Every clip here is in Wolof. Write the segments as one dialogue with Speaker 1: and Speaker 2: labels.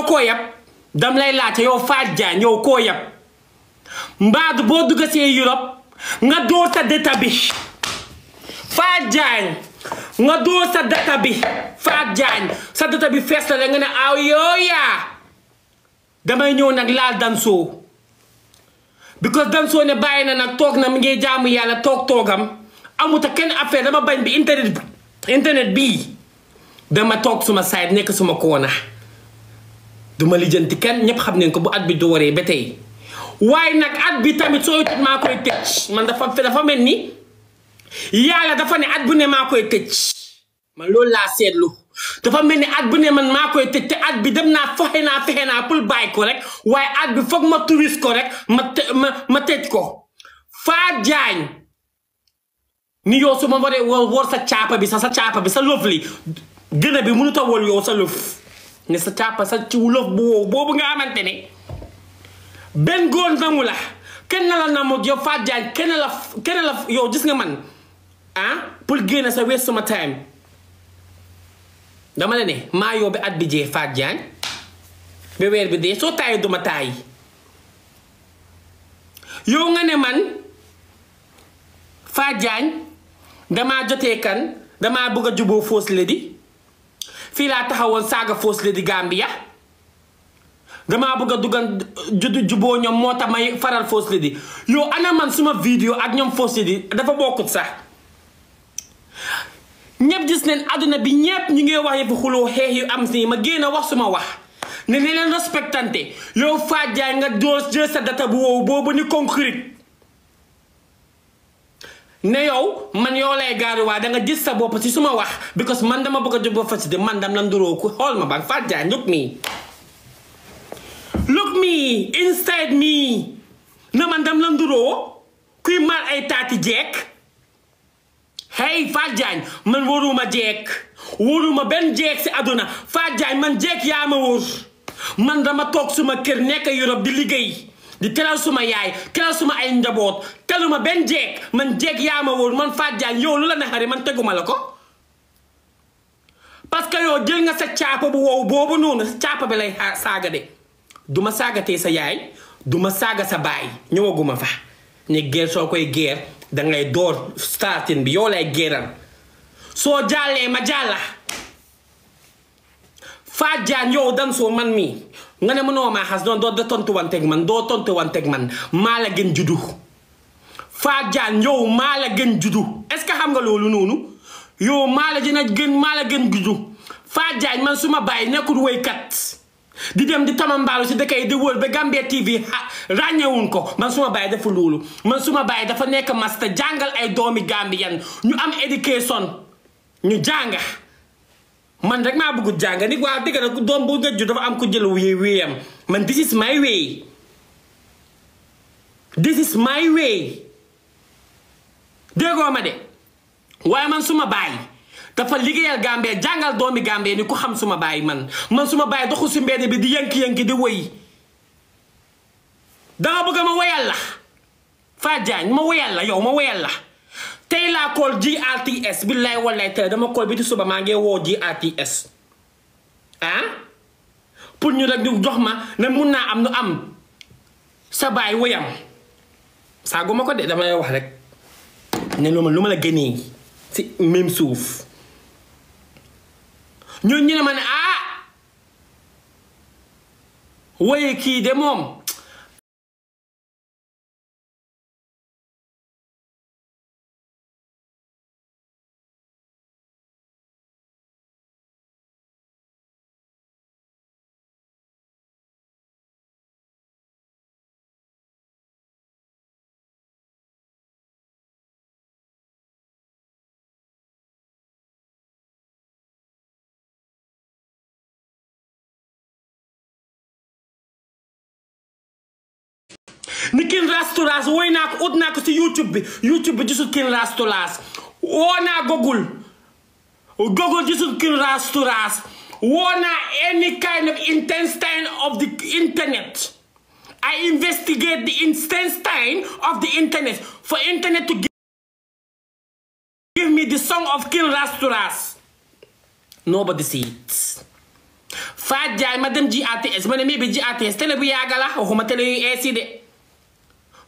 Speaker 1: yow koo yab dam lay laaj yow Fatou Diagne yow koo yab mbaadu boo dugga see Europe nga dóor sa data bi Fatou Diagne nga dóor sa data bi bi fees la nga ne aw yow yaa damay ñëw nag laal Danso because Danso ne bàyyi na nag toog na mu ngi jaamu yàlla toog toogam amuta kenn affaire dama bañ bi internet bi internet bii dama toog suma side nekk suma koona du ma lijjanti kenn ñëpp xam nañ ko bu at bi dooree ba tey waaye nag at bi tamit soo tëj koy tëj man dafa dafa mel ni yàlla dafa ne at bu ne maa koy tëj man loolu laa seetlu dafa mel ni at bu ne man maa koy tëj te at bi dem naa fexe naa fexe naa pour bàyyi ko rek waaye at bi foog ma touriste ko rek ma ma ma tëj ko Faa Jaañ ni yow su ma waree woor sa caapa bi sa sa caapa bi sa lëf li gën a bi mënut a wol yow sa lëf ne sa càppa sa ci wolof bu wow boobu nga xamante ne benn góor nangu la kenn la namu yow Fatou kenn la kenn la yow gis nga man ah pour génn sa wees sama time dama la ne maa yóbbu at bi jee Fatou Diagne weer bi dee soo taayee duma taay yow nga ne man Fatou Diagne damaa jotee kan damaa bëgg a juboo fausse la di fii laa taxawoon saaga fausse la di Gambia damaa bëgg a duggan juboo ñoom moo tax may faral fausse la yow ana man suma vidéo ak ñoom fausse la dafa bokkut sax ñëpp gis neen àdduna bi ñëpp ñu ngi wax yëpp xuloo xeex yu am si ma génn wax suma wax ne ne leen respectante yow Fatou nga doo jël sa data bu wow boobu ni concrète ne yow man yow lay gaaru waaye da sa bopp si suma wax because man dama bëgg a jub facilité man dam la nduroo ku xool ma bang fat jaay look me look me man dam la nduroo kuy mal ay taati jeek hey Fatou Diagne man wóoruma jeeg wóoruma benn jeeg si àdduna Fatou man jeeg yaa ma wóor man dama toog suma kër nekk Europe di liggéey di teral suma yaay teral suma ay njaboot teluma benn jeeg man jeeg yaa ma wóor man Fatou Diagne yow lu la naxari man teguma la ko parce que yow jël nga sa caapa bu wow boobu noonu sa caapa bi lay saaga de duma saaga saagatee sa yaay duma saaga sa baay ñëwaguma fa ne geer soo koy geer dangay door starting bi yow lay geeral soo jàllee ma jàlla Fatou Diagne yow dansoo man mii nga ne mënoo maa xas noonu doo da tontu wanteeg man doo tontu wanteeg man maa la gën juddu faa Diagne yow maala gën juddu est-ce que xam noonu yow maa la dina gën maa gën juddu Fatou Diagne man suma baay bàyyi nekkul kat di dem di tamambaalu si dëkk yi di wër ba Gambia TV ràññewuñ ko man suma baay dafa loolu man suma baay dafa nekk masta jàngal ay doomi Gambian ñu am éducation ñu jànga man rek maa bëggut jàng ni waaw dëgg la doom bu nga am ko jël wi wiyam man this is my way this is my way déggoo ma de waaye man suma baay dafa liggéeyal gàmbee jàngal doomi gàmbee ni ku xam suma baay man man suma baay doxu si mbedd bi di yënki-yënki di woy danga bëgg ma woyal la Fat Diagne ma woyal la yow ma woyal la tey laa call GRTS billaay wallaay tey dama call bi ci suba maa ngi woo GRTS ah pour ñu rek ñu jox ma ne mun naa am nu am sabaay baay wëyam saagu ko de dama wax rek ne lu ma lu ma la si même suuf ñun ñu ne ma ne ah wëye kii de moom
Speaker 2: kin restaurant woy
Speaker 1: naa ko ut naa ko si youtube bi youtube bi gisul kin restaurant woo naa google google gisul kin restaurant woo naa any kind of intestine of of the internet for internet to give me the song of kin restaurant nobody see it Faat ma dem GRTS ma ne mii bi GRTS télé bu yàgg la waxuma télé yu ees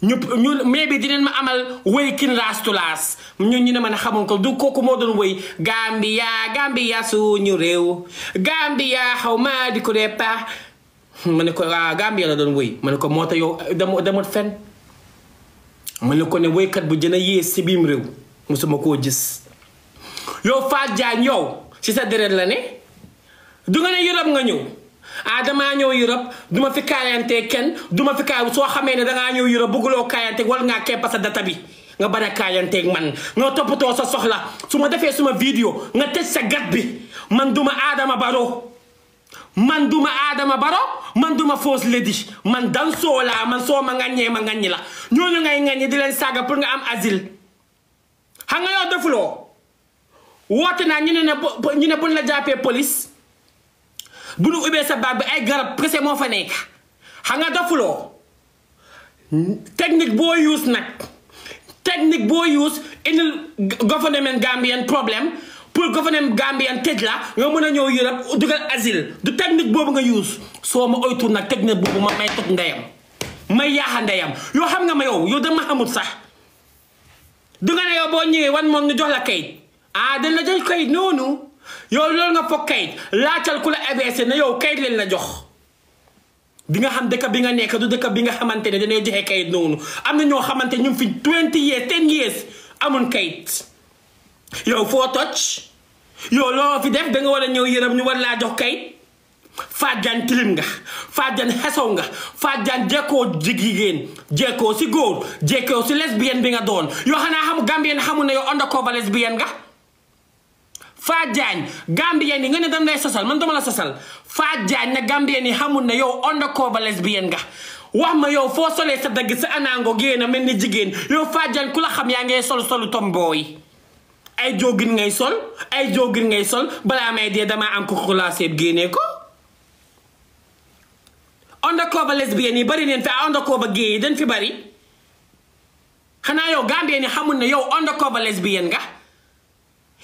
Speaker 1: ñu ñu mais bi dinañ ma amal wéy kin laas ñu ñu ne ma ne xamuñ ko du kooku moo doon wéy Gambia Gambia ñu réew Gambia xaw ma di ko dee paax ma ne ko waaw ah, Gambia la doon wéy ne ko moo tax yow dama demat fen ne ko ne wéykat bu jën a yées si biim réew musuma koo gis yow Fatou Diagne yow si sa deret la ne du nga ne Europe nga ñëw ah damaa Europe du ma fi kaayante ken du ma fi so soo xamee ne dangaa ñëw Europe bëgguloo kaayante wala ngaa keppa sa data bi nga bañ a kaayanteeg man nga toppatoo sa soxla su ma defee suma vidéo nga tëj sa gat bi man duma Adama Barrow man duma Adama baro man duma fausse lady man dan soo laa man soo ma ŋaññee ma ŋaññi la ñooñu ngay ŋaññi di leen saaga pour nga am asile xam nga yow defuloo woote naa ñu ne ne ñu ne buñ la jàppee police bu nu ubbee sa baat bi ay garab pressé moo fa nekk xam nga dafuloo technique boo use nag technique boo use indil gouvernement gambien problème pour gouvernement gambien tëj la nga mën a ñëw Europe dugal asile du technique boobu nga use soo ma oytu nag technique boobu ma may toj ndeyam may yaaxa ndeyam yoo xam nga ma yow yow dama xamut sax du nga ne yow boo ñëwee wan moom ñu jox la kayit ah dañ la jox kayit noonu yow loolu nga foog kayit laacal ku la abc ne yow kayit leen la jox bi nga xam dëkk bi nga nekk dëkk bi nga xamante ne dañoo joxe kayit noonu am na ñoo xamante ñu fi 20 years ten years amun kayit yow foo toj yow loo fi def da nga war a ñëw yërëm ñu war laa jox kayit fajjan tilim nga fajjan xesow nga fajjan jekkoo jigigéen jekkoo si góor jekkoo si lesbienne bi nga doon yoo xanaa xam gambien xamu ne yow undercover lesbienne nga Faat Diagne Gambien yi nga ne dam lay man dama la sosal Faat Diagne na Gambien yi xamul na yow undercover lesbienne nga wax ma yow foo solee sa dagg sa anaango génn mel ni jigéen yow Faat ku la xam yaa ngay sol solu tomboy ay joggin ngay sol ay joggin ngay sol balaa may dee damaa am ko xulaaseeb génnee ko undercover lesbienne yi bari neen fi ay undercover gay yi dañ fi bari xanaa yow Gambien yi xamul na yow onda undercover lesbienne nga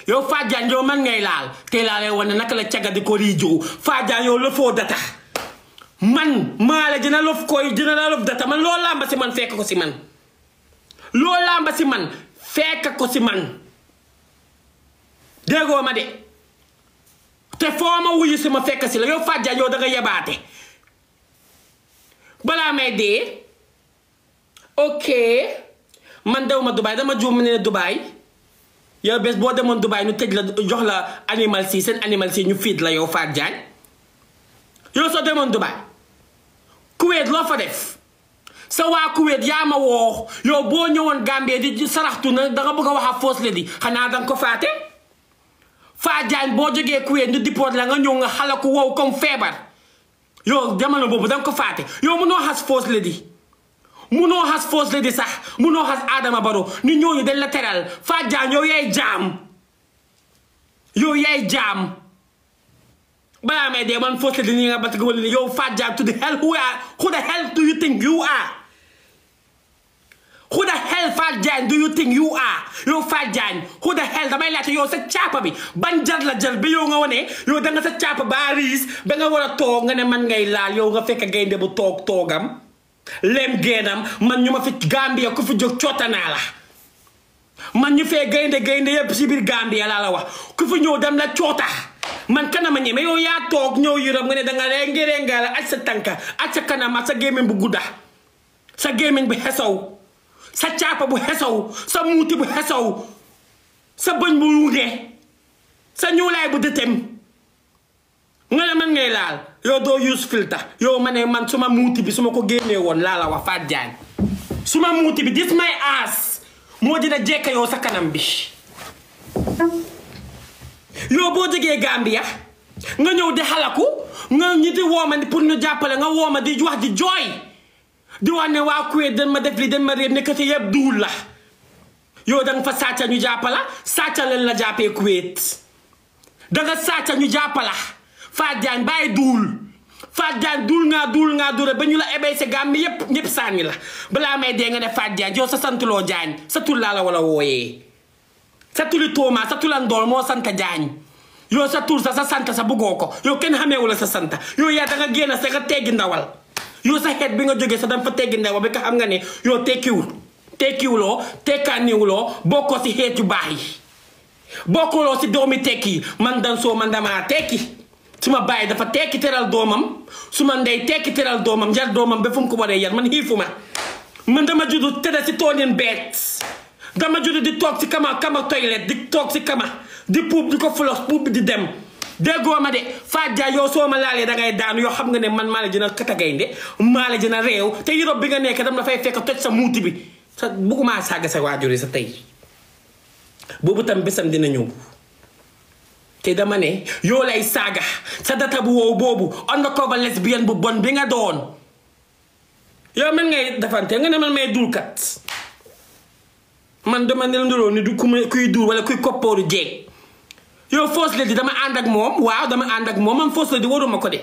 Speaker 1: yow Fath yow man ngay laal tey laa lay wane naka la caga di ko riijoo Fath Diagne yow lëfoo data man maa la lof koy dina lof data man loo làmba si man fekk ko si man loo ko si man déggoo ma de te foo ma wuyu si ma fekk si la yow Fath Diagne yow da nga yebaate balaa may dee ok man daw ma Dubaay dama juum ne Dubaay yow bés boo demoon Dubaay ñu tëj la jox la animal si seen animal si ñu fiit la yow Fatou Diagne yow soo demoon Dubaay loo fa def sa waa yaa ma woo yow boo ñëwoon Gambie di saraxtu na da nga bëgg a wax ak fausse di xanaa da ko faate Fatou Diagne boo jógee Kuwait ñu dippoot la nga ñëw nga xalaku wow comme feebar yow jamono boobu da ko faate yow a xas fausse di. Muno has forced Lady sax muno has Adama Barrow ni ñooñu dañ la yo ye jam. yow ye jaam yow I jaam balaa may dee man First Lady ni nga bata wala ni yow to the hell who are who the hell do you think you are who the hell fa Jagne do you think you are yow fa Jagne who the hell damay laajte yow sa caapa bi ban jar la jar bi yow nga wane yow da nga sa caapa ba riis ba nga war a toog nga ne man ngay laal yow nga fekk gaynde bu toog toogam lem geenam man ñu ma fi Gambia ku fi jóg cootanaa la man ñu fee gaynde gaynde yépp si biir Gambia laa la wax ku fi ñëw dem la coota man kanam a ñeme yow yaa toog ñëw yërëm nga ne da nga lee ngéréngaa la aj sa tànka aj sa kanam ak sa gémmiñ bu gudda sa gémmiñ bu xesaw sa caapa bu xesaw sa muuti bu xesaw sa bëñ bu wuudee sa ñuulaay bu dëtem nga ne man ngay laal yow doo use filtre yow ma ne man suma muuti bi su ko génnee woon laa la wax Fatou Jagne suma muuti bi dis may aas moo dina jekka yow sa kanam bi yow boo jógee Gambia nga ñëw di xalaku nga ñi di wooma pour ñu jàppale nga wooma di wax di jooy di wax ne waa Kuwait dañ ma def li dañ ma réer nekkati yëpp duul la yow da fa sàcca ñu jàppala sàcca leen la jàppee Kuwait da nga ñu jàppala faa Diagne bàyyi duul Fatou Diagne duul ngaa duul ngaa duure ba ñu la ébaissé gàmm bi yépp ñëpp sànni la balaa may dee nga ne Fatou Diagne yow sa santuloo Diagne sa tul laa la wala wooyee sa tuli Tooma sa tulandool moo sant Diagne yoo sa tur sa sa sant sa bëggoo ko yow kenn xamee wu la sa sant yow yaa da nga génn sa teggi ndawal yow sa xeet bi nga jógee sa da fa teggi ndawal bi ka xam nga ne yow tekkiwul tekkiwuloo tekkaaniwuloo bokkoo si xeet yu baax yi bokkuloo si doomi tekki man dan soo man tekki. su ma bàyyi dafa tekki teral doomam su ma ndey tekki teral doomam yar doomam ba fu mu ko waree yar man xiifu ma man dama judd tëdd si toonin beet dama judd di toog si kama kama toilette di toog si kama di puub di ko floss puub bi di dem déggoo ma de Fadia yow soo ma laalee da ngay daanu yoo xam nga ne man maa a dina katagaynde maa la dina réew te Europe bi nga nekk dama dafay fay fekk toj sa muuti bi sa bëgguma saaga sa waajur yi sa tey boobu tam bésam dina ñëw. te dama ne yoo lay saaga sa data bu wow boobu undercover lesbienne bu bon bi nga doon yow man ngay defante nga ne man may duurkat man dama ne nduroo ni du ku kuy duur wala kuy koppooru jeeg yow First Lady dama ànd ak moom waaw dama ànd ak moom man First Lady waruma ko de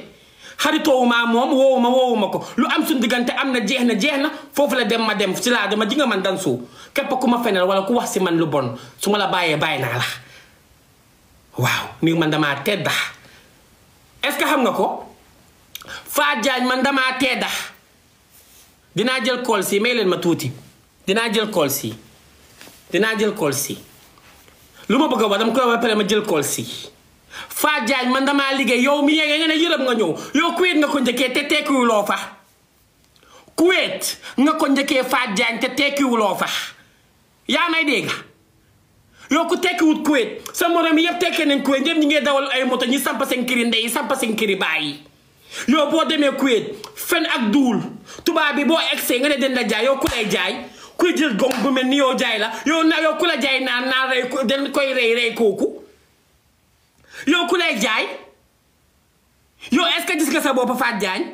Speaker 1: xaritowuma moom woowuma woowuma ko lu am suñu diggante am na jeex na jeex na foofu la dem ma dem ci laa dama ji nga man dansu képp ku ma fenal wala ku wax si man lu bon su ma la bàyyee bàyyi naa la waaw ni man damaa tedda est-ce que xam nga ko Fatou Diagne man damaa tedda dinaa jël kool si may leen ma tuuti dinaa jël kool si dinaa jël kool si lu ma bëgg a wax dama koy wax pare ma jël kool si Fatou Diagne man damaa liggéey yow mi yeggee nga ne yërëm nga ñëw yow kuwéet nga ko njëkkee te tekkiwuloo fa kuwéet nga ko njëkkee Fatou Diagne te tekkiwuloo fa yaa may dégg yow ku tekkiwut Kuwait sa morom yëpp tekkee nañ Kuwait ñëpp ñi ngay dawal ay moto ñi samp seen këri ndey samp seen këri baay yow boo demee Kuwait fen ak duul tubaab bi boo egsee nga ne den la jaay yow ku lay jaay kuy jël gom bu mel ni yow jaay la yow na yow ku la jaay naan naan rey den koy rey kooku yow ku lay jaay yow est-ce que gis nga sa bopp Fatou Jagne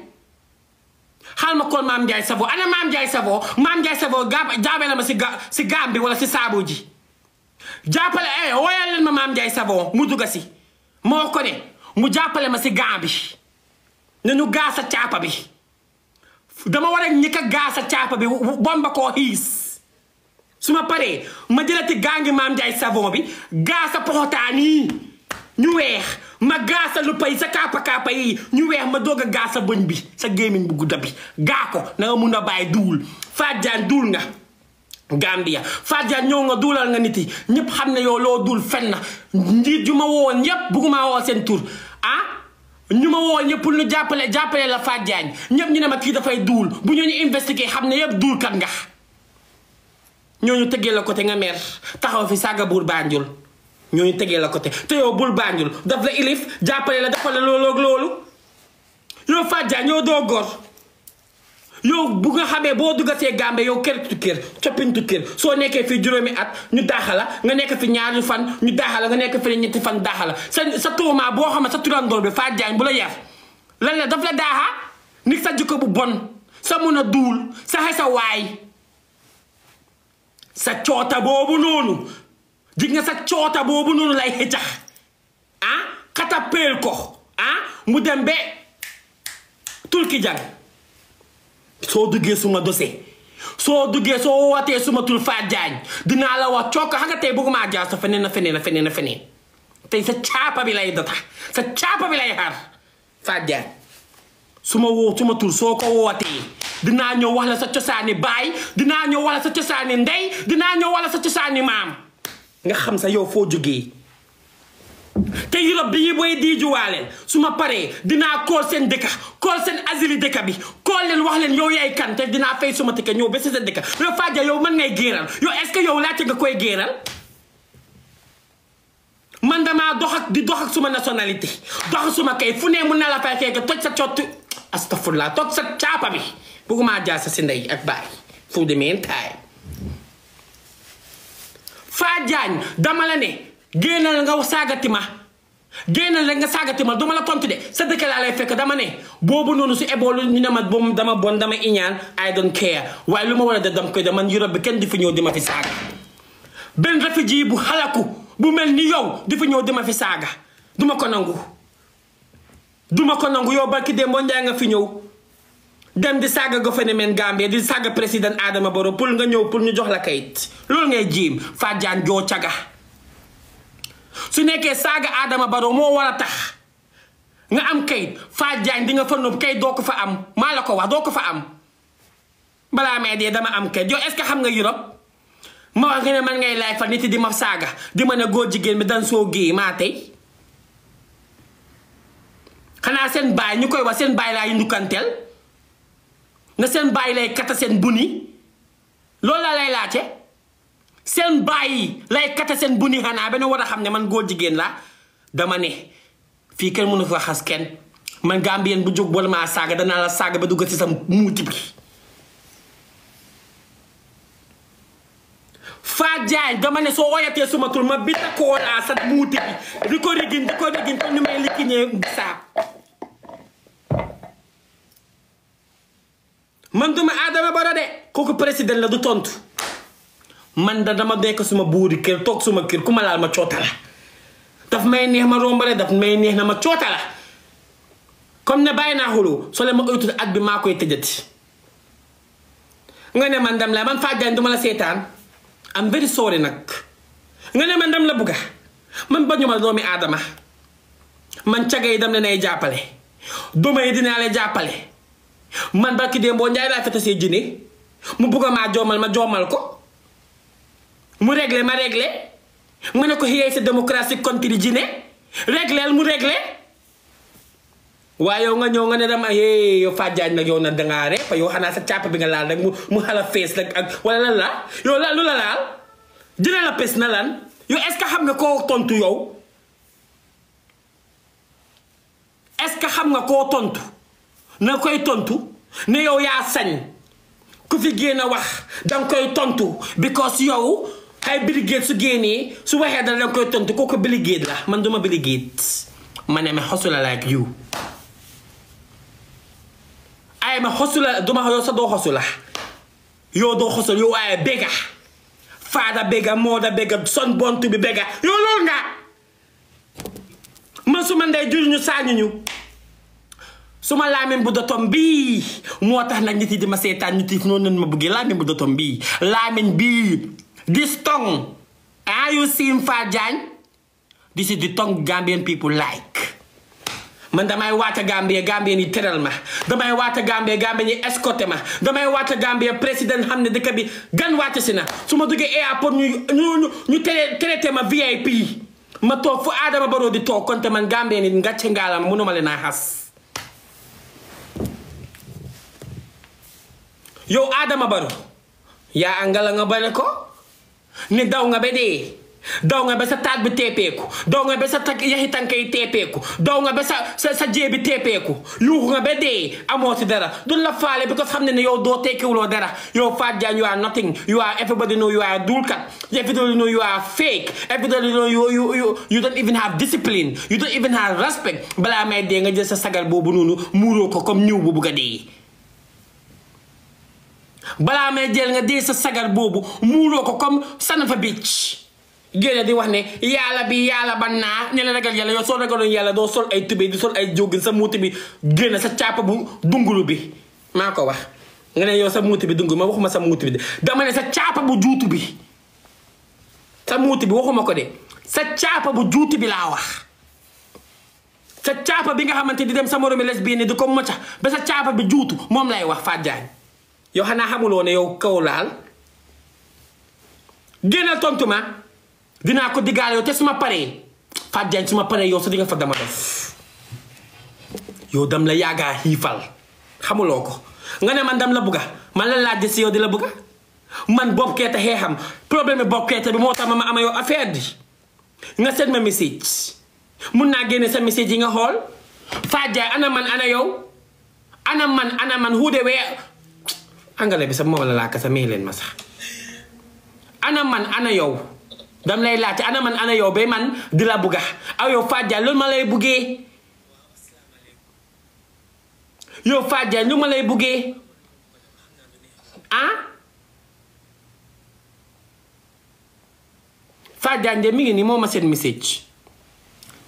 Speaker 1: xaal ma kool maam Ndiaye Savon ana maam Ndiaye Savon maam Ndiaye Savon gaab jaabee na ma si si gaam bi wala si saabu ji jàppale eh woyal leen ma maam Ndiaye Savon mu dugg si ma wax ne mu jàppale ma si gaa bi ne ñu gaa sa caapa bi dama war a ñëkk a gaa sa bi bomba koo xiis su ma paree ma jëlati gaa ngi maam Ndiaye Savon bi gaa sa poxotaan ñu weex ma gaa sa luppa sa kaapa kaapa yi ñu weex ma doog a gaa bëñ bi sa gémmiñ bu gudda bi gaa ko na nga mun a bàyyi duul Fat Diagne nga Gambia Fadia ñëw nga duulal nga nit yi ñëpp xam ne yow loo duul fenn njiit yu ma woowoon ñëpp bëgguma woo seen tur ah ñu ma woo ñëpp pour ñu jàppale jàppale la Fatou Diagne ñëpp ñu ne ma kii dafay duul bu ñu ñu investigué xam ne yëpp duul kat nga ñooñu tëggee la côté nga mer taxaw fi saaka buur Banjul ñooñu tëggee la côté te yow buur Banjul daf la ilif jàppale la defal la loolu ak loolu yow Fatou yow doo góor yow bu nga xamee boo duggatee Gambie yow kër kër coppintu kër soo nekkee fi juróomi at ñu daaxala nga nekk fi ñaari fan ñu daaxala nga nekk fi ñetti fan daaxala sa sa tuuma boo xam ne sa turandoor bi faa jaañ bu la yar lan la daf la daaxa ni sa jikko bu bon sa mun a duul sa xay sa waay sa coota boobu noonu jig nga sa coota boobu noonu lay xëccax ah xatapeel ko ah mu dem ba tulki jang soo duggee suma dose soo duggee soo wootee suma tul Fatou Diagne dinaa la wax cook xam nga tey bëgguma jaar sa feneen a feneen a feneen tey sa caapa bi lay data sa caapa bi lay xaar Fatou Diagne suma woo suma tul soo ko wootee dinaa ñëw wax sa cosaani baay dinaa ñëw wax la sa cosaani ndey dinaa ñëw wax la sa cosaani maam nga xam sa yow foo jógee te Europe bi yi booy diijuwaaleel su paree dinaa kool seen dëkka kool seen asili dëkka bi kool leen wax leen yow yaay kan te dinaa fay suma tëkka ñëw ba si seen dëkka yow Fadia yow mën ngay géeral yow est-ce que yow laajte nga koy géeral di dox ak suma nationalité dox ak suma kay fu ne mun na la fay xeex toj sa cottu astafurlaa toj sa caapa bi bëgguma jaar sa si ndey ak baay fu dama la ne génnal nga saagati ma génnal rek nga saagati ma duma la tontu de sa dëkk laa lay fekk dama ne boobu noonu su eboolu ne ma boobu dama bon dama iñaan I don't care waaye lu ma war a def dama koy def man Europe kenn di fi ñëw di ma fi bu xalaku bu mel ni yow di fi ñëw di ma fi saaga duma ko nangu duma ko nangu yow barki démb njaay nga fi ñëw dem di saaga gouvernement Gambie di saaga président Adama Barrow pour nga ñëw pour ñu jox la kayit loolu ngay jiim Fadiane joo caga su nekkee saaga Adama Barrow moo war a tax nga am kayit Fatou Diagne di nga fa nopp kayit doo ko fa am maa la ko wax doo ko fa am balaa may dee dama am kayit yow est xam nga Europe ma wax nga ne man ngay laaj fa nit di ma saaga di ma ne góor jigéen bi dan soo géey maa tey xanaa seen baay ñu koy wax seen baay laa ndukkanteel nga seen baay lay kata seen buni loolu laa lay seen bàyyi lay kata seen bu ni xanaa benn war a xam ne man goo jigéen la dama ne fii kenn mënu fa xas kenn man gambien bu jóg boole maa saaga danaa la saaga ba du ci sa muuti bi Fatou dama ne soo oyatee suma tur ma bi ko woon a sa muuti di ko rigin ko rigin te ñu may likkiñee saab man duma Adama Barrow de kooku président la du tontu man da dama bekk suma buuri kër toog suma kër ku laal ma coota daf may neex ma rombale daf may neex na ma coota la comme ne bàyyi naa xulu soo leen ma oytul at bi maa koy tëjati nga ne man dam la man duma la seetaan am very sorry nak. nga ne man dam la bugga man bañu doomi aadama man caga dam la nay duma yi dinaa la jàppale man barki démboo fete mu ma ko mu régler ma régler mu ne ko xiyee sa démocratie continue jine régleel mu régler waaye yow nga ñëw nga ne dama hee yow fàjjaaj nag yow nag dangaa reepa yow xanaa sa càpp bi nga laal rek mu mu xala fees yo ak wala lan la yo la lu la laal dina la pes na lan yow est ce que xam nga koo tontu yow est ce que xam nga koo tontu na koy tontu ne yow yaa sañ ku fi génn wax danga koy tontu because yow ay Bill Gates su génnee su waxee dara danga koy tontu kooku Bill Gates la man duma Bill Gates man am a hustler like you I am a hustler duma yow sax doo hustler yow doo hustler yow I am father beggar mother beggar son born to be beggar yow loolu nga man su ma ndey juruñu saañuñu suma laamin bu dotom bii moo tax nag nit yi di ma seetaan ñu tiif noonu ma buggee laamin bu dotom bii laamin bii This song, are you seeing Fajan? This is the tongue Gambian people like. man my water Gambia, Gambie ni tëral ma damay water Gambia, Gambie ni escorté ma damay waata Gambie président xam gan water sina. na su ma duggee airport ñu ñu ñu tere ma VIP ma toog fu Adama Barrow di toog konte man Gambie ni ngàcce ngaalam mënuma leen has. Yo yow Adama Barrow yaa angala nga ne daw nga be dee daw nga ba sa taat bi teepeeku daw nga ba sa yaxi tànk yi teepeeku daw ba sa sa sa jee bi teepeeku yuuxu nga ba dee amoo si dara du la faale because xam ne ne yow doo tekkiwuloo dara yow Fatou Jagne you are nothing you are everybody know you are dulkat everybody know you a fake everybody know you don't even have discipline you don't even have respect balaa may dee nga jël sa sagar boobu noonu muuroo ko comme ñëw bu bugg dee. balaa may jël nga dee sa sagar boobu muuloo ko comme sànn fa bicc génne di wax ne yàlla bi yàlla ba naa ne la ragal yàlla yow soo ragaloon yàlla doo sol ay tubéy di sol ay jógin sa muuti bi génn sa càpp bu dungulu bi maa ko wax nga ne sa muuti bi dungulu ma waxuma sa muuti bi de dama ne sa càpp bu juutu bi sa muuti bi waxuma ko de sa càpp bu juutu bi laa wax sa càpp bi nga xamante di dem sa moromi lesbienne di ko mocca ba sa càpp bi juutu moom lay wax faa Jagne yow xanaa xamuloo ne yow kaw laal génnal tontu ma dinaa ko diggaale yow te suma paree Fatou Diagne suma paree yow sa di nga fa dama def yow dam la yaagaa xiifal xamuloo ko nga ne man dam la bugga man la laaj si yow di la bugga man Bob Keita xeexam problème Bob Keita bi moo tax ma ma ama yow affaire bi nga seet ma message naa génne sa yi nga xool Fatou Diagne man ana yow ana man ana man who the angale bi sax moom la laaka sax may leen ma sax ana man ana yow dam lay laajte ana man ana yow ba man di la bugga aw yow Fatou Diagne lu ma lay buggee ah Fatou Diagne de mi ngi nii moo ma seen message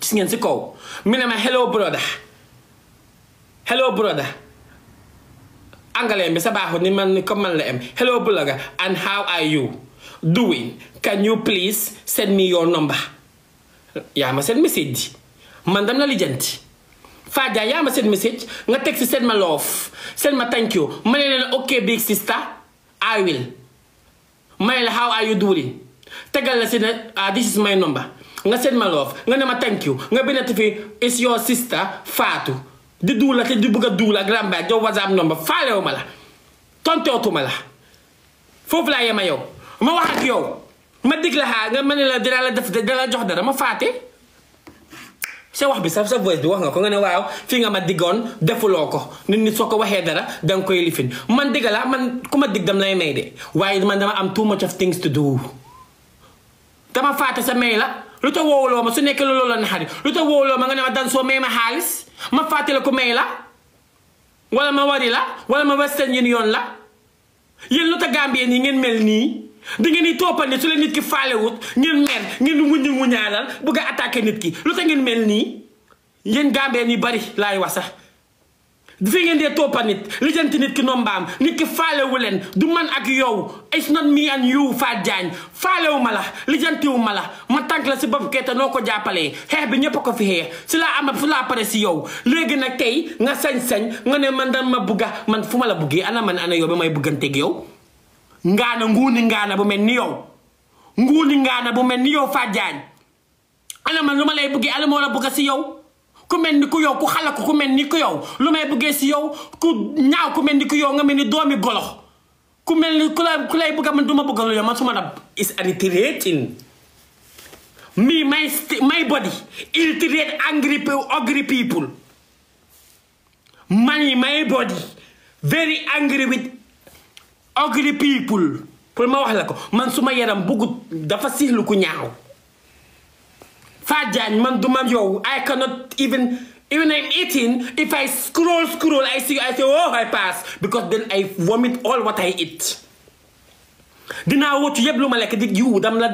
Speaker 1: gis ngeen si kaw mi ne ma hello brother hello brother anglais bi sa baaxul ni man ni comme man la am hello blogger and how are you doing can you please send me your number yaa ma seen message ji man dam la lijjanti Fadia yaa ma seen message nga teg si send ma love send ma thank you ma ne ok big sister I will ma la how are you doing tegal la si ne ah, this is my number nga send ma love nga ne ma thank you nga bindati fi is your sister Fatou di duula te di bëgg a duula ak rambaaj yow wasaam nomba faalewu ma la tontootuma la foofu laa yema yow ma wax ak yow ma dig la xaar nga ma ne la dina la def dina la jox dara ma faate sa wax bi sa sa voice bi wax nga ko nga ne waaw fii nga ma diggoon defuloo ko nit ñi soo ko waxee dara danga koy lifin man digga la man ku ma dig dam lay may de waaye man dama am too much of things to do dama faate sa la lu tax woowuloo ma su nekkee loolu la naxari lu tax woowuloo ma nga ne ma dan xaalis ma fàttali ko may la walla ma wari la wala ma western yoon la yéen lu ta gambien yi ngeen mel nii da ngeen di toppandi su leen nit ki faalewut ngeen mer ngeen di wuññi wuñaanal bëgg a nit ki lu ta ngeen mel nii yéen gambien yi bari laay wax fi ngeen dee toppa nit lijjanti nit ki nombaam nit ki faalewu leen du man ak yow it's not me and yow faa jaañ faalewu ma la lijjantiwu ma la ma tànk la si bopp Keita noo ko jàppalee xeex bi ñëpp ko fi xeex si laa am fu laa pare si yow léegi nag tey nga sañ-sañ nga ne man dama ma bugga man fu ma la buggee ana man ana yow ba may bugganteeg yow ngaana nguuni ngaana bu mel ni yow nguuni ngaana bu mel ni yow faa Jagne ana man lu ma lay buggee ana moo la bugga si yow ku mel ni ku yow ku xalaku ku mel ni ku yow lu may bëggee si yow ku ñaaw ku mel ni ku yow nga mel ni doomi golo ku mel ni ku lay ku bëgg a man du ma bëgg a lu yow man su ma dab is an me my my body illiterate angry angry people money my body ma wax la ko man suma yaram bëggut dafa siixlu ku ñaaw Fat Jan, man, do man, yo, I cannot even, even I'm eating, if I scroll, scroll, I see, I say, oh, I pass, because then I vomit all what I eat. Then I yëpp lu ma lekk di yiw dam la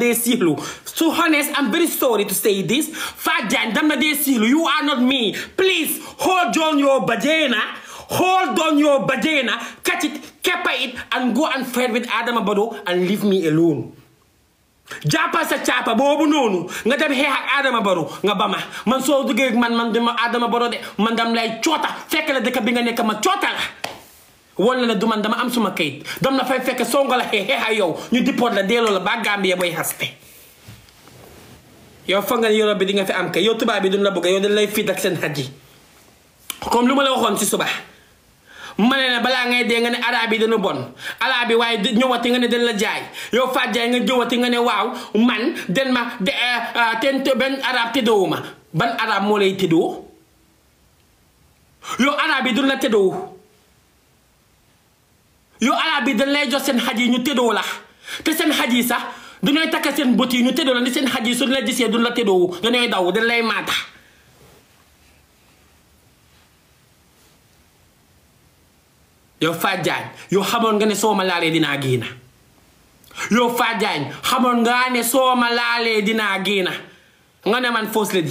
Speaker 1: so honest I'm very sorry to say this Fat Jan De la you are not me please hold on your vagina hold on your vagina catch it keep it and go and fight with Adam Abado and leave me alone jàppal sa caapa boobu noonu nga dem xeex ak Adama Baro nga ba ma man soo duggee man man dama Adama Baro de man dam lay coota fekk la dëkk bi nga nekk ma coota la wala la du man dama am suma kayit dam na fay fekk songo la xeex xeex ak yow ñu dippoot la delloo la ba Gambie booy xaste yow foog nga ne Europe bi di nga fi am kay yow tubaab bi duñ la bëgg yow dañ lay fii ak seen xaj yi comme lu ma la waxoon si suba ma ne la balaa ngay dee nga ne arabe yi dana bon arabe yi waaye ñëwati nga ne dañ la jaay yow fàjjaay nga jëwati nga ne waaw man den ma de eh, eh, ten benn arabe tëddoo ma ban arabe moo lay tëddoo yow arabe yi duñ la tëddoo yow arabe yi dañ lay jox seen xaj yi ñu tëddoo la te seen xaj yi sax dañooy takk seen but yi ñu tëddoo la ni seen xaj yi suñ la gisee duñ la tëddoo dañooy daw dañ lay maata. yow Fatou Diagne yow xamoon nga ne soo ma laalee dinaa génn yow Fatou Diagne xamoon nga ne soo ma laalee dinaa génn nga ne man fausse la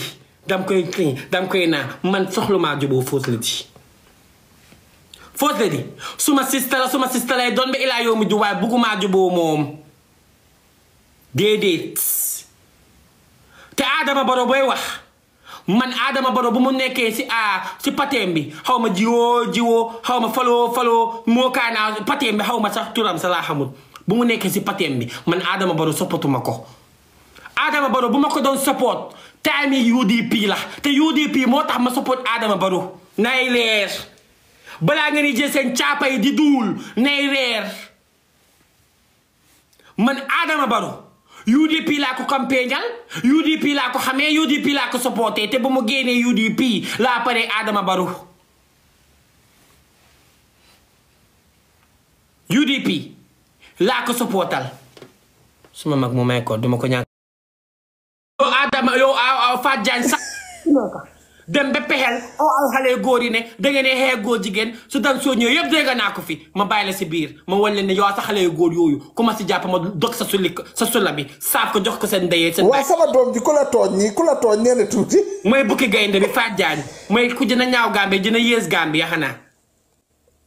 Speaker 1: dam koy clean koy naa man soxlu maa juboo fausse la di fausse la di suma sista la suma sista lay doon ba ilaa yow mi di waaye juboo moom déedéet te Adama Barrow booy wax man adama baro bu mu nekkee si a ah, si pateem bi xaw ma jiwoo jiwoo xaw ma faloo faloo moo kaanaa pateem bi sax turam sa bu mu si pateem bi man adama baro soppatuma ko adama baro bu ma ko support time UDP la te UDP moo tax ma support adama baro nay leer balaa ngeen di jël seen caapa di duul nay leer man adama baro UDP laa ko campagnal UDP laa ko xamee UDP laa ko supporté te ba mu génnee UDP laa paree Adama Barrow UDP laa ko supportal suma mag mu may ko duma ko ñàkk yow Adama yow ah, ah, Fat Diagne dem ba pexeel oo oh, oh. aw xale góor yi ne da ngeen xee góor jigéen su tam soo ñëwee yëpp dégg naa ko fi ma bàyyi la si biir ma wan leen ne yow sa góor yooyu commencé jàpp ma dog sa sulik sa sula bi saaf jox ko seen ndeyee seen waaw sama
Speaker 3: doom bi ku la tooñ nii ku la tooñ nee na tuuti
Speaker 1: mooy bukki gaynde bi faat jaan mooy ku dina ñaaw gambi dina yées gambi ya xanaa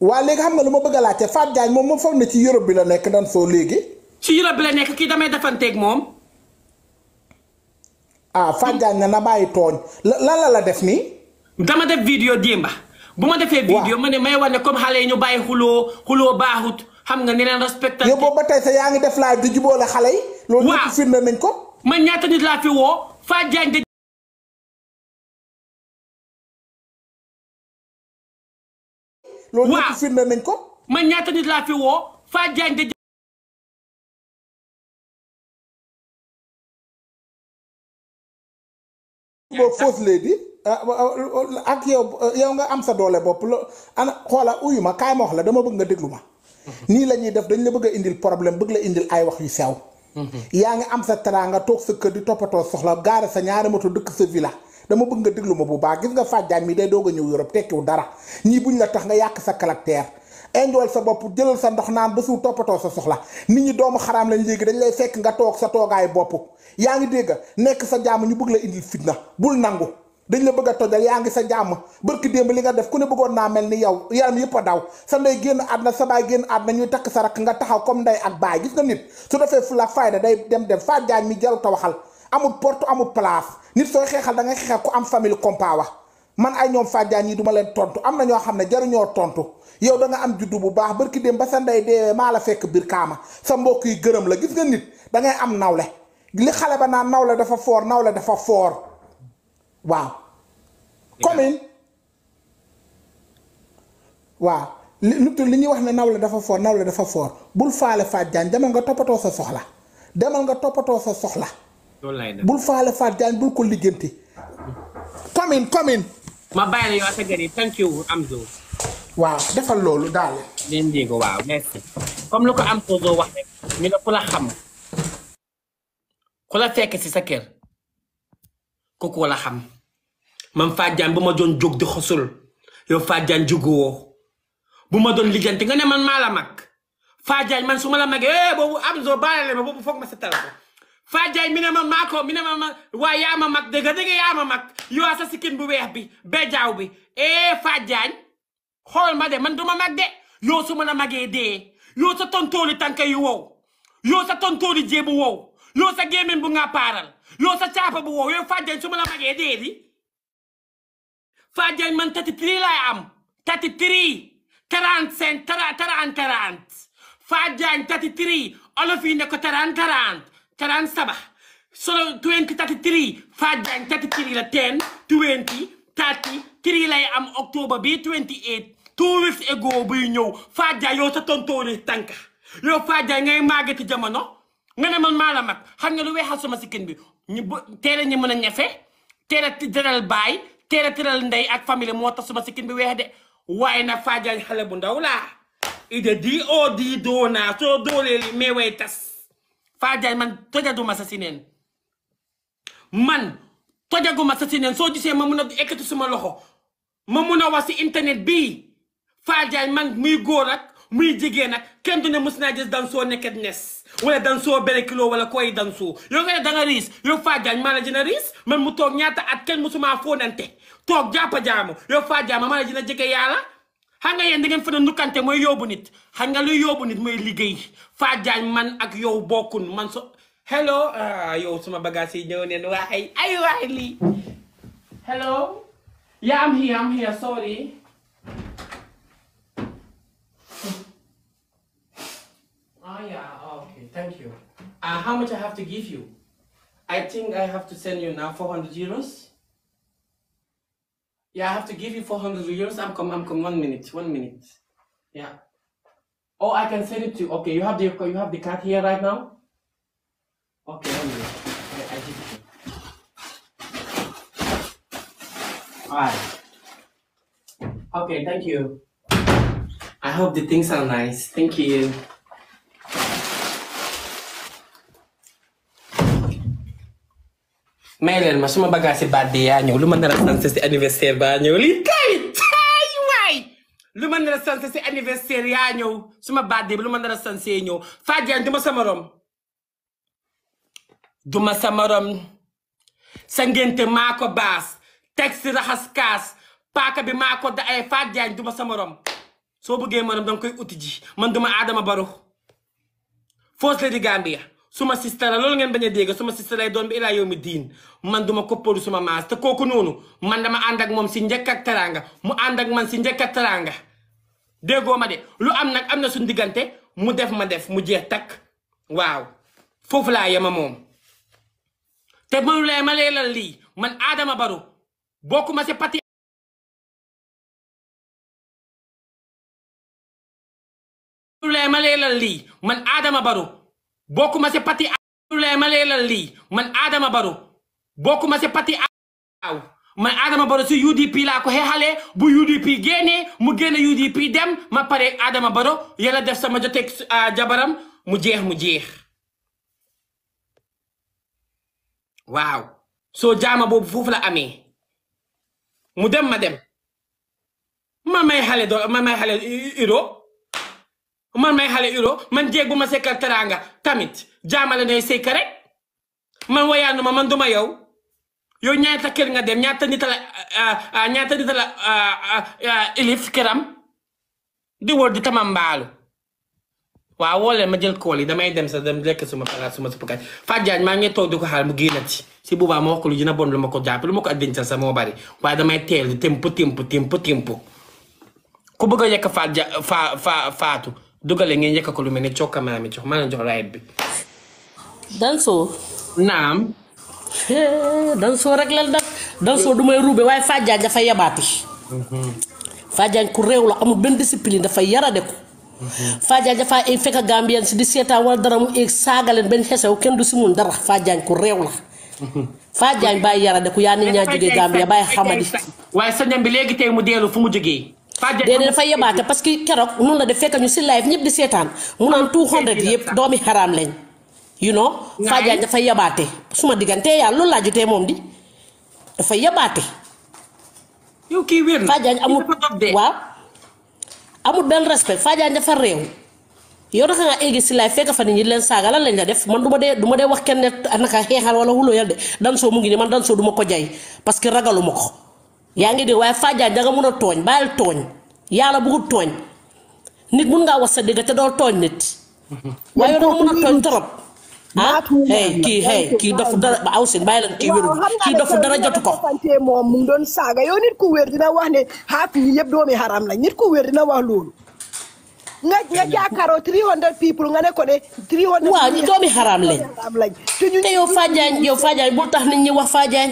Speaker 3: waa léegi xam nga lu ma bëgg a laajte Fatou Diagne moom moom foog na ci Europe bi la nekk dan soo léegi
Speaker 1: ci Europe bi la nekk kii damay defanteeg
Speaker 3: moom ah Fadiane na na bàyyi tooñ la la la def nii.
Speaker 1: dama def vidéo démba. bu ma defee vidéo ma ne may wax ne comme xale yi ñu bàyyi xuloo xuloo baaxut xam nga ni leen respecté.
Speaker 3: boobu ba tey sa yaa ngi def laaj di jubóole xale yi. loolu lépp firnde nañ ko. man ñaata nit laa fi woo Fadiane de.
Speaker 2: loolu nañ ko. man ñaata nit laa fi woo
Speaker 3: fausse lady ah, ak yow yow nga am sa doole bopp la ana xoola uyu ma kaay ma wax la dama bëgg nga déglu ma mhm. nii la ñuy def dañ la bëgg a indil problème bëgg la indil ay wax yu sew mhm. yaa ngi am sa nga toog sa kër di toppatoo soxla gaare sa ñaari moto dëkk sa villa dama bëgg nga déglu ma bu baax gis nga fàjjaan mi day doog a ñëw Europe tekkiw dara ñii buñ la tax nga yàq sa caractère enjool sa bopp jëlal sa ndox naan ba su toppatoo sa soxla nit ñi doomu xaraam lañ léegi dañ lay fekk nga toog sa toogaay bopp yaa ngi dégg nekk sa jàmm ñu bëgg la indil fitna bul nangu dañ la bëgg a tojal yaa ngi sa jàmm barki démb li nga def ku ne bëggoon naa mel ni yow yaram yëpp a daw sa ndey génn àdduna sa baay génn na ñuy takk sa rakk nga taxaw comme ndey ak baay gis nga nit su defee la ak da day dem dem faat jaañ mi jaru ta waxal amul porte amul place nit sooy xeexal da ngay xeexal am famille compa man ay ñoom fàjjaan yi duma leen tontu am na ñoo xam ne jaruñoo tontu yow da am juddu bu baax barki dem ba sa ndey deewee maa la fekk biir kaama sa mbokk yi gërëm la gis nga nit dangay am nawle li xale ba naan nawle dafa foor nawle dafa foor waaw. commune waaw li li ñuy wax ne nawle dafa foor nawle dafa foor bul faale fàjjaan demal nga toppatoo sa soxla demal nga toppatoo sa soxla. bul faale fàjjaan bul ko lijjanti. commune commune. ma
Speaker 1: bàyyi la yow asaka yi thank you Amzo.
Speaker 3: waaw defal loolu daal.
Speaker 1: leen dégg waaw merci comme lu ko am Zo wax rek ñu ne ku la xam ku la fekk si sa kër kooku la xam man Fadiane bu ma joon jóg di xosul yow Fadiane jóguwoo bu ma doon lijjanti nga ne man maa la mag Fadiane man su ma la magee eh, boobu am bàyyi la ma boobu foog ma setal ko. Fadiaye mi ma maa ko ma ma waa yaa ma mag dëgg dëgg yaa ma mag yow sa sikkin bu weex bi bejaaw bi eh Fadiaye xool ma de man du ma mag de yow su ma la magee dee yow sa tontooli tànka yu wow yow sa tontooli jébu wow yow sa gémmiñ bu nga paaral yow sa caapa bu wow yow Fadiaye su ma la magee dee di Fadiaye man tati tri laay am tati tri trente cinq trente trente Fadiaye tati tri olof yi ne ko trente تران سبع solo 20 33 33 la 10 20 30 3 lay am Oktober B 28 two weeks ago buy ñëw fajjang yow sa tontooni tànka yow fajjang ngay màggati jamono nga ne man maa la xam nga lu weexal sama sikkin bi ñu teere ñi mën a ñefe teere tëral baay teere tëral ndey ak famille moo tax sama sikkin bi weex de bu ndaw ida di oo oh di so soo doolee li tas Fadiaye man tojaguma sa si neen man tojaguma sa si nen soo gisee ma mun a ekkati suma loxo ma mun a wax si internet bii Fadiaye man muy góor ak muy jigéen ak kenn du ne mës naa gis dansoo nekket nes wala dansoo bere kilo wala koy dansoo yow nga ne da nga riis yow Fadiaye maa la dina riis man mu toog ñaata at kenn mësumaa fóonante toog jàppa jaamu yow Fadiaye ma la dina jege yàlla hanga nga yéen da ngeen fa doon nukkante mooy yóbbu nit xam nga luy nit mooy liggéey Fatou Diagne man ak yow bokkun man so hello ah yow suma bagage yi ñëw neen waaye ay waay lii hello yeah I'm here I'm here sorry ah yeah ah, okay thank you ah how much I have to give you I think I have to send you now 400 euros yeah, I have to give you 400 euros. I'm come, I'm come. One minute, one minute. Yeah. Oh, I can send it to. Okay, you have the you have the card here right now. Okay, one minute. I, I give it. Alright. Okay, thank you. I hope the things are nice. Thank you. may leen ma suma bagage si baat bi yaa ñëw lu ma nar a sanse si anniversaire baa ñëw lii tay tay waay lu ma nar sanse si anniversaire yaa ñëw suma baat ba lu ma nar a sanse ñëw Fadiane du ma sama rom du ma sama sa ngénte maako ko baas texte raxas kaas paaka bi maa ko da ay eh, Fadiane du ma sama rom soo bëggee morom danga koy uti ji man duma Adama Barrow First Lady Gambia suma sister la loolu ngeen bañ a dégg suma sister lay doon bi ilaa yow mi diin man duma koppalu suma maas te kooku noonu man dama ànd ak si njëkk ak teraanga mu ànd man si njëkk ak teraanga déggoo de lu am nag am na suñ mu def ma def mu jeex takk waaw foofu laa yema moom te mënu lay ma leelal li man Adama Barrow
Speaker 2: bokkuma pati
Speaker 1: lay ma leelal lii man Adama boo commencé pati lay ma leelal lii man Adama Barrow boo commencé pati aaw man Adama Barrow si UDP laa ko xeexalee bu UDP gene, mu génne UDP dem ma pare Adama Barrow yàlla def sama joteeg ah, jabaram mu jeex mu jeex waaw soo jaama boobu foofu la amee mu dem ma dem ma may xale do ma may xale Europe man may xale uro man jéeg bu ma sekkal teraanga tamit jaamale nay sekk rek man wayaanu ma man duma yow yow ñaata kër nga dem ñaata nit la ah, ah, ñaata nit la ilif ah, këram di wër di tamambaalu waaw woo leen ma jël kool yi damay dem sa dem lekk suma palaat suma suppakat Fatou Diagne maa ngi toog di ko xaar mu génnati si boobaa ma wax ko lu dina bon lu ma ko jàpp lu ma ko addencal sa moo bari waaye damay teel di temp temp temp temp ku bëgg a yekk Fatou Fatou Fatou dugale ngeen njëkk ko lu mel ne cokka maa mi jox maa la jox raayit bi. Danso. naam. Danso rek la def Danso du may
Speaker 2: ruube waaye Fadja dafa yabaati. Mhm. Fadja ku réew la amul benn discipline dafa yarade ko. Mhm. Fadja dafa ay fekk Gambien si di seetaan dara mu eeg saaga leen kenn du si dara Fadja ku réew la. Mhm. Fadja bàyyi yarade ko yaa nit ñaa jógee Gambia bàyyi xamadi. waaye sa ñam bi léegi tey mu deelu fu mu jógee. déedéet dafa yebaate parce que keroog noonu la def ñu live ñëpp di seetaan mu naan two hundred doomi lañ you know fajaan dafa yebaate suma diggantee ya, loolu laa jotee moom di dafa yebaate yow kii wér amul amul respect fajaan dafa réew yow naka nga si live fekk fa nit ñi leen lan lañ def man du ma dee du wax kenn naka wala yal de dansoo mu ngi ni man dansoo du ma ko jay parce que yaa ngi dégg waaye fàjjaaj da nga mun a tooñ bàyyil tooñ yàlla bugul tooñ nit mun ngaa wax sa te doo tooñ nit waaye da nga mun a ah hey ki, hey ki, dofu dara ba aw sin bàyyi ki kii wérul kii dofu dara jotu ko moom mu ngi doon saaga yow nit ku wér dina wax ne xaaf ah, yi yëpp doomi haram la nit ku wér dina wax loolu nga nga jàkkaaroo 300 people nga ne ko de 300 waaw ñu doomi haram lañ te yow fàjjaañ yow fàjjaañ bul tax nit ñi wax fàjjaañ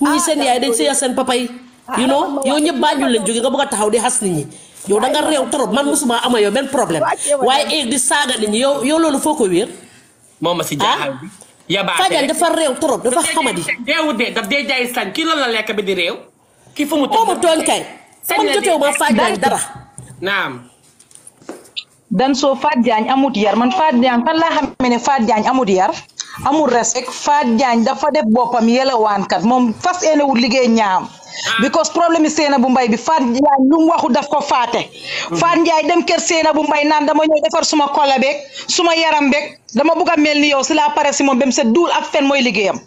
Speaker 2: ñi ah, seen yaay ya, dañ seen seen ya, papa yi ah, you know yow ñëpp bañul lañ jóge nga bëgg a taxaw di xas nit ñi yow da nga réew trop man musuma ama yow ben problème waaye eeg di saaga nit ñi yow yow loolu foo ko wér moom ma si jaaxal ah?
Speaker 1: ya, fajal dafa réew trop dafa xamadi deewu de daf dee jaay sañ kii loolu la lekk bi di réew kii fu mu tëdd oh, mu tooñ kay man jotewu ma fajal dara naam
Speaker 2: dan soo Fat Diagne amut yar man Fat Diagne fan laa xamee amut yar amul respect Faat Jaañ dafa def boppam yelewaankat moom fas yéene wut liggéey ñaam ah. because problème yi seena bu mbay bi Faat Jaañ lu mu waxu daf ko faate mm-hmm. Faat Njaay dem kër bu mbay naan dama ñëw suma kola suma yaram beeg dama bugg a mel ni yow si laa pare si moom bem sa duul ak fen mooy liggéeyam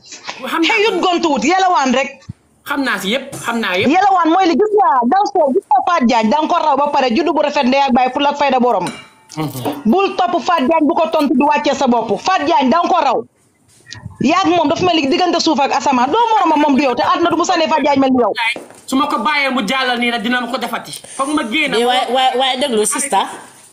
Speaker 2: xëy yut gontu wut yelewaan rek xam naa si yëpp xam naa yëpp yelewaan mooy li gis nga Jaañ da ko raw ba pare juddu bu rafet ndey ak bàyyi ful ak fayda borom mm-hmm. bul topp Faat Jaañ bu ko tontu di wàccee sa bopp Faat Jaañ da ko raw yaag moom dafa mel ni diggante suuf ak asamaan doo moromam moom du yow te àdduna du mu sane fa jaay mel ni yow.
Speaker 1: su ma ko bàyyee mu jàllal nii la dina ma ko defati. foog ma génn mais waaye
Speaker 2: waaye waaye sista.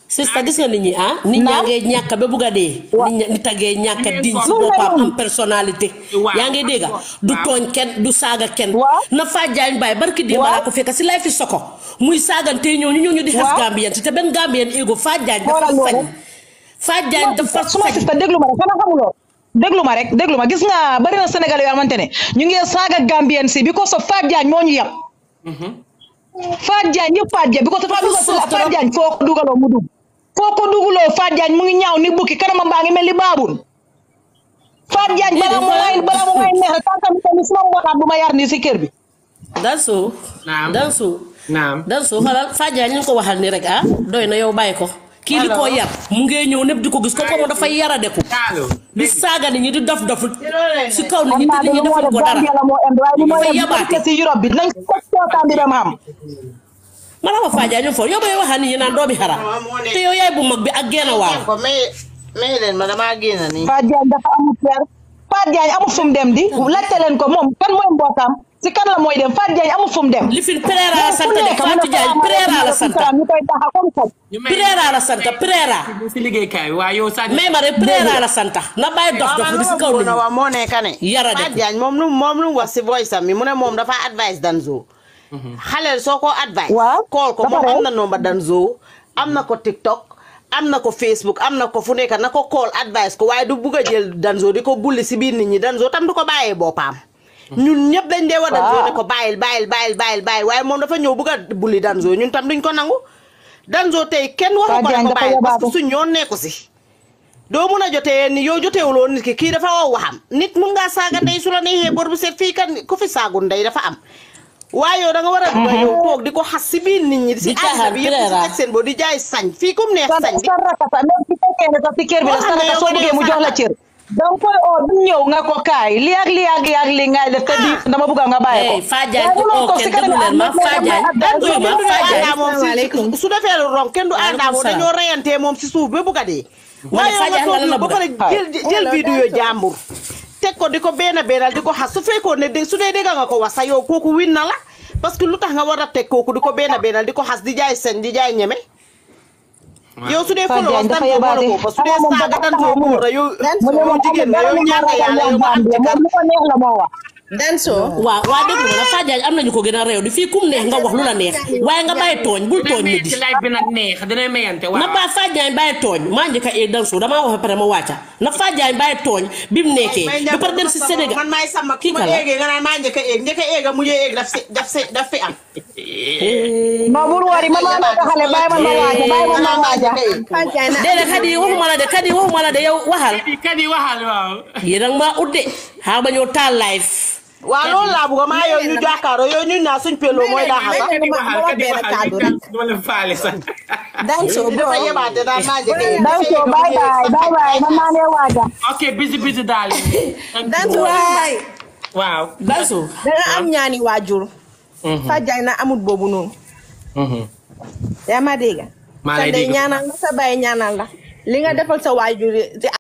Speaker 2: sista gis nga nit ñi ah. nit ñaa ngay ñàkk ba bugg a dee. nit ñi tagee ñàkk diñ si boppam am personnalité. yaa ngi dégg du tooñ kenn du saaga kenn. na faa jaay mbaay barki démb laa ko fekk si lay fi soko. muy saagante ñooñu ñooñu di xas gambien si te benn gambien égo faa jaay dafa fañ. faa jaay dafa fañ sista déglu ma rek xanaa xamuloo déglu ma rek déglu ma gis nga bari na sénégal yoo xamante ñu ngi saaga gambien si because of Fatou Jagne moo ñu yab mhm. Fatou Jagne yëpp Fatou Jagne because of Fatou Jagne foo ko dugaloo mu dugg foo ko dugaloo Fatou Jagne mu ngi ñaaw ni bukki kanamam baa ngi mel ni baabul Fatou Jagne balaa mu may balaa mu may neex tànkam ni suma mbootaat bu ma yar ni si kër bi dansu dansu dansu xalal Fatou Jagne ñu ko waxal ni rek ah doy na yow bàyyi kii di ko yar mu ngee ñëw ñëpp di ko gis ko moom dafay yarade ko di saaga nit ñi di dof dof si kaw nit ñi di nit ñi defal ko dara dafay yabaate si Europe bi nañ ko sootaan bi dama am man ama faaja ñu foofu yow bay waxaa ñi naan doomi xara te yow yaay bu mag bi ak génn waaw mais leen ma damaa génn nii Pape Diagne dafa amul fer Pape Diagne amul fu mu dem di laajte leen ko moom kan mooy mbootaam si kan la mooy dem Fatou Diagne amul fu dem. li fi Pereira la sant de Fatou Diagne Pereira la sant
Speaker 1: Pereira la sant Pereira. si liggéeykaay waaw yow Sadio. mais ma rek Pereira la sant na bàyyi dox dox bi si kaw li waaw
Speaker 2: moo nekk ne. yara moom lu moom lu wax si voice am mi mu ne moom dafa advice Danzo. Mhm. xaleel soo ko advice. waaw kool ko moom am na nomba Danzo am na ko TikTok. am na ko Facebook am na ko fu nekk na ko call advice ko waaye du bugg a jël Danzo di ko bulli si biir nit ñi Danzo tam du ko bàyyee boppam. ñun ñëpp dañ dee war Danzo ne ko bàyyil bàyyil bàyyil bàyyil bàyyil waaye moom dafa ñëw bëgg a bulli Danzo ñun tam duñ ko nangu Danzo tey kenn waxu ko ne ko bàyyil parce que suñ yoon nekku si doo mën a jotee ni yow jotewuloo nit ki kii dafa wax waxam nit mun ngaa saaga ndey su la neexee bor bu set fii kan ku fi saagu dey dafa am waaye yow da war a dugal mm-hmm. yow toog di ko xas si biir nit ñi si àll bi yëpp si teg seen di jaay sañ fii comme neex sañ bi sa rakasa même si bi la sa soo bëggee mu jox la cër donc koy oo du ñëw nga ko kaay li ak li ak li ak li ngay def te di ah. dama bëgg nga bàyyi ko. Eh, Fadiane ok oh, déglu leen ma Fadiane déglu ma Fadiane asalaamaaleykum su defee lu rong kenn du àndaamoo dañoo reyantee moom si suuf ba bëgg a dee. waaye nga toog ñu ba pare jël jël vidéo jàmbur. teg ko di ko benn bennal di ko xas su fekkoon ne de su dee dégg nga ko wax sa yow kooku win na la parce que lu tax nga war a teg kooku di ko benn bennal di ko xas di jaay seen di jaay ñeme. yow su dee followers tan ko wala ko su dee saaga tan ko wala yow yow jigéen nga yow ñaan nga yàlla yow ma am Danso waaw waaw dégg nga Fadiagne am nañu ko gën a réew di fii kum neex nga wax lu la neex waaye nga bàyyi tooñ bul tooñ nit na ba Fadiagne bàyyi maa njëkk a Danso damaa wax pare ma wàcca na Fadiagne bàyyi tooñ bi mu nekkee ba pare dem si Sénégal man maay sàmm kii maa a eeg a eeg a mujjee am non bul wari ma maa noo taxale bàyyi ma ma de kadi waxuma la de yow waxal kadi waxal waaw yéen nag maa udde xaa ba ñoo taal live waaw loolu laa bëggoon maa yow ñu jàkkaaroo yow ñu naa suñ pello mooy daa xam sax ma ma benn kàddu rek
Speaker 1: Danso dafa yebaate daal naa jege Danso bye bye bye bye man maa ngi waaja ok bisi bisi daal Danso waay waaw Danso da nga am ñaani waajur
Speaker 2: fajjaay mhm. na amul boobu noonu mhm. yaa ma dégg
Speaker 3: maa lay dégg ñaanal
Speaker 2: la sa bàyyi ñaanal la li nga defal sa waajur